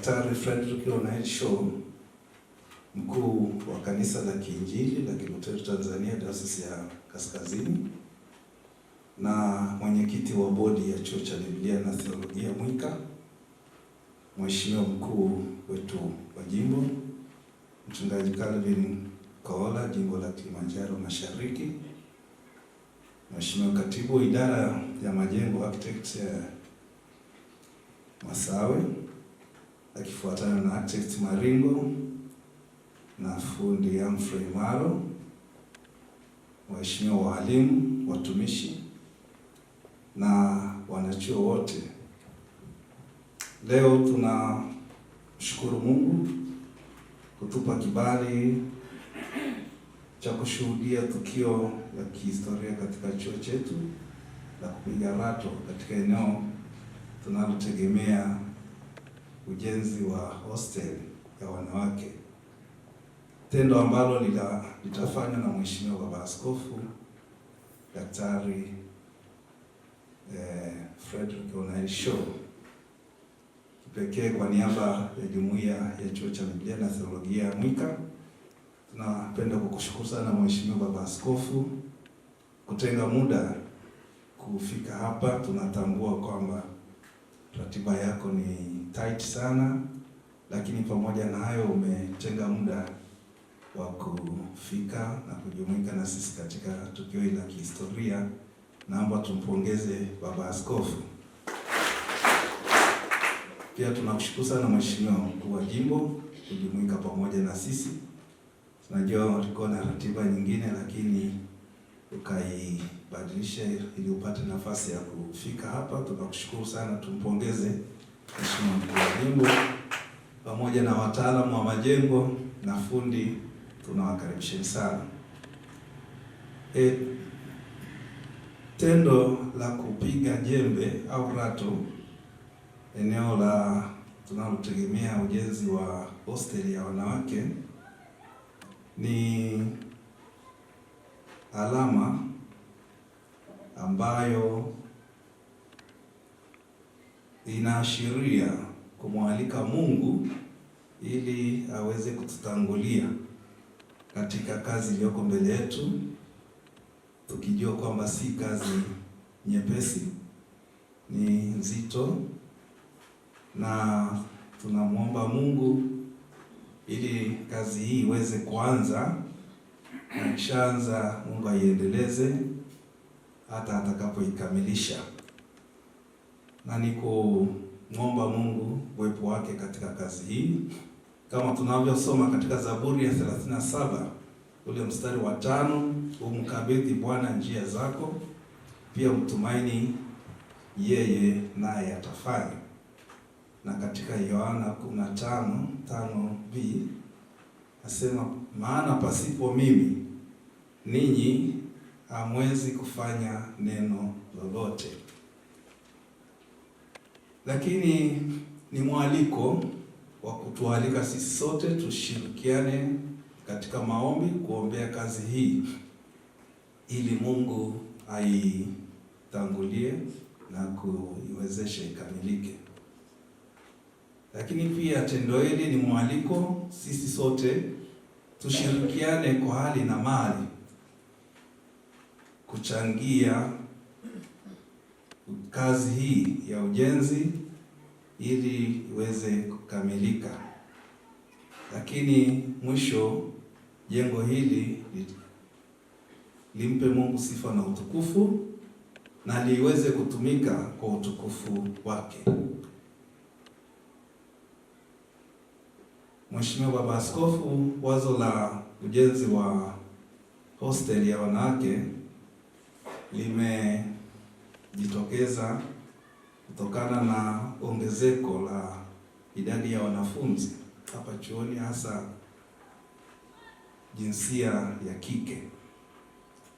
Daktari Frederick Onaitsho, mkuu wa kanisa la Kiinjili la Kilutheri Tanzania Dayosisi ya Kaskazini na mwenyekiti wa bodi ya chuo cha Biblia na Theolojia Mwika, mheshimiwa mkuu wetu wa jimbo mchungaji Calvin Kaola, jimbo la Kilimanjaro Mashariki, mheshimiwa katibu idara ya majengo architect Masawe akifuatana na architect Maringo na fundi Humphrey Maro, waheshimiwa walimu, watumishi na wanachuo wote. Leo tunamshukuru Mungu kutupa kibali cha kushuhudia tukio la kihistoria katika chuo chetu la kupiga rato katika eneo tunalotegemea ujenzi wa hostel ya wanawake, tendo ambalo litafanywa na Mheshimiwa Baba Askofu Daktari eh, Frederick Onael Shaw pekee kwa niaba ya jumuiya ya chuo cha Biblia na Theologia Mwika, tunapenda kukushukuru sana Mheshimiwa Baba Askofu kutenga muda kufika hapa. Tunatambua kwamba ratiba yako ni tight sana, lakini pamoja na hayo umetenga muda wa kufika na kujumuika na sisi katika tukio hili la kihistoria. Naomba tumpongeze baba askofu. Pia tunakushukuru sana mheshimiwa mkuu wa jimbo kujumuika pamoja na sisi. Tunajua ulikuwa na ratiba nyingine, lakini ukai badilisha ili upate nafasi ya kufika hapa. Tunakushukuru sana, tumpongeze Mheshimiwa Mkuu wa Jimbo pamoja na wataalamu wa majengo na fundi, tunawakaribisheni sana. E, tendo la kupiga jembe au rato eneo la tunalotegemea ujenzi wa hosteli ya wanawake ni alama ambayo inaashiria kumwalika Mungu ili aweze kututangulia katika kazi iliyoko mbele yetu, tukijua kwamba si kazi nyepesi, ni nzito, na tunamwomba Mungu ili kazi hii iweze kuanza na kishaanza, Mungu aiendeleze hata atakapoikamilisha, na niko Mungu uwepo wake katika kazi hii, kama tunavyosoma katika Zaburi ya 37 ule mstari wa tano, umkabidhi Bwana njia zako, pia mtumaini yeye naye atafanya. Na katika Yohana 15:5b nasema, maana pasipo mimi ninyi hamwezi kufanya neno lolote. Lakini ni mwaliko wa kutualika sisi sote tushirikiane katika maombi kuombea kazi hii ili Mungu aitangulie na kuiwezesha ikamilike. Lakini pia tendo hili ni mwaliko sisi sote tushirikiane kwa hali na mali kuchangia kazi hii ya ujenzi ili iweze kukamilika. Lakini mwisho jengo hili limpe Mungu sifa na utukufu na liweze kutumika kwa utukufu wake. Mheshimiwa Baba Askofu, wazo la ujenzi wa hosteli ya wanawake limejitokeza kutokana na ongezeko la idadi ya wanafunzi hapa chuoni hasa jinsia ya kike.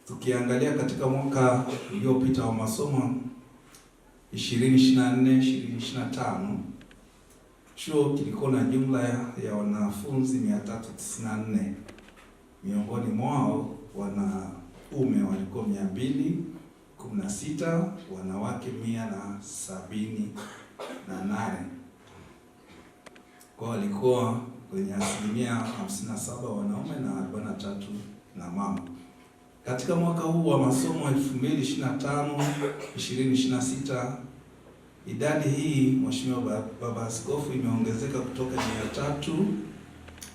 Tukiangalia katika mwaka uliopita wa masomo 2024 2025 chuo kilikuwa na jumla ya wanafunzi 394 miongoni mwao wana wanaume walikuwa mia mbili kumi na sita wanawake mia na sabini na nane kwa walikuwa kwenye asilimia hamsini na saba wanaume na arobaini na tatu na mama. Katika mwaka huu wa masomo 2025 sita idadi hii Mheshimiwa Baba Askofu, imeongezeka kutoka mia tatu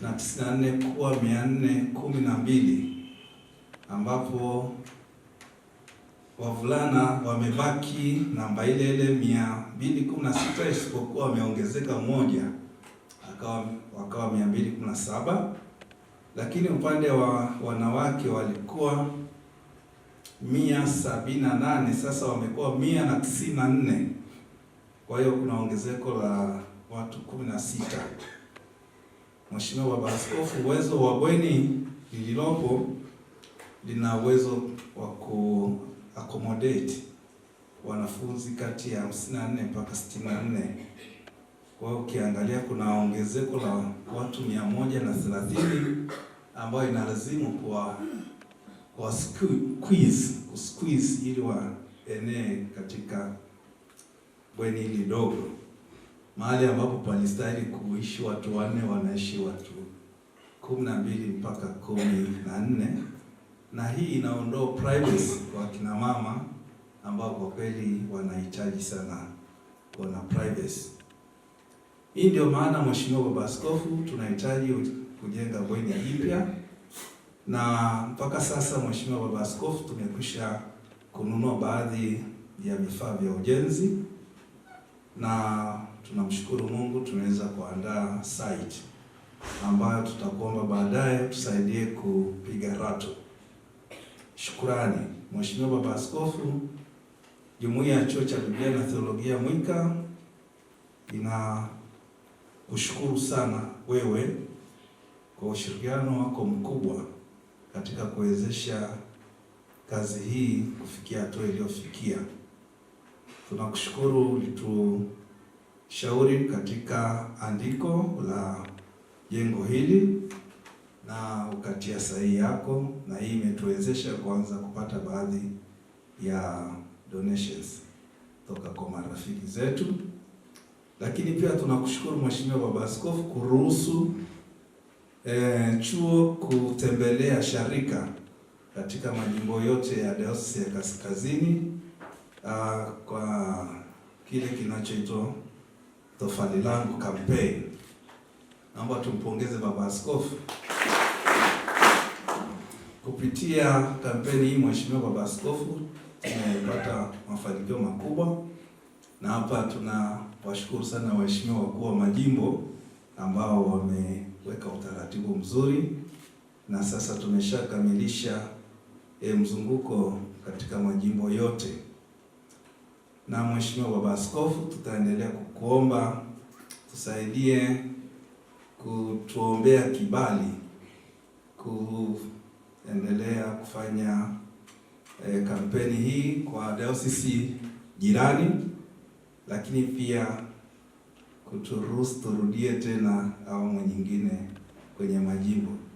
na tisini na nne kuwa mia nne kumi na mbili ambapo wavulana wamebaki namba ile ile 216 isipokuwa wameongezeka mmoja akawa wakawa 217, lakini upande wa wanawake walikuwa 178, sasa wamekuwa 194. na kwa hiyo kuna ongezeko la watu 16 Mheshimiwa Baba Askofu, uwezo wa bweni lililopo lina uwezo wa ku accommodate wanafunzi kati ya 54 mpaka 64. Kwa hiyo ukiangalia kuna ongezeko la watu 130 ambayo inalazimu kwa kwa squeeze squeeze ili waenee katika bweni hili dogo, mahali ambapo palistahili kuishi watu wanne wanaishi watu kumi na mbili mpaka kumi na nne na hii inaondoa privacy kwa kina mama ambao kwa kweli wanahitaji sana wana privacy. Hii ndio maana Mheshimiwa Baba Askofu, tunahitaji kujenga bweni jipya, na mpaka sasa Mheshimiwa Baba Askofu, tumekwisha kununua baadhi ya vifaa vya ujenzi na tunamshukuru Mungu tumeweza kuandaa site ambayo tutakuomba baadaye tusaidie kupiga rato. Shukurani. Mheshimiwa Baba Askofu, Jumuiya ya Chuo cha Biblia na Theolojia Mwika inakushukuru sana wewe kwa ushirikiano wako mkubwa katika kuwezesha kazi hii kufikia hatua iliyofikia. Tunakushukuru, ulitushauri katika andiko la jengo hili na ukatia sahihi yako, na hii imetuwezesha kuanza kupata baadhi ya donations toka kwa marafiki zetu. Lakini pia tunakushukuru Mheshimiwa Baba Askofu kuruhusu eh, chuo kutembelea sharika katika majimbo yote ya Dayosisi ya Kaskazini ah, kwa kile kinachoitwa tofali langu campaign. Naomba tumpongeze Baba Askofu. Kupitia kampeni hii Mheshimiwa Baba Askofu, tumepata mafanikio makubwa, na hapa tunawashukuru sana waheshimiwa wakuu wa majimbo ambao wameweka utaratibu mzuri, na sasa tumeshakamilisha e, mzunguko katika majimbo yote. Na Mheshimiwa Baba Askofu, tutaendelea kukuomba tusaidie kutuombea kibali ku endelea kufanya e, kampeni hii kwa dayosisi jirani, lakini pia kuturuhusu turudie tena awamu nyingine kwenye majimbo.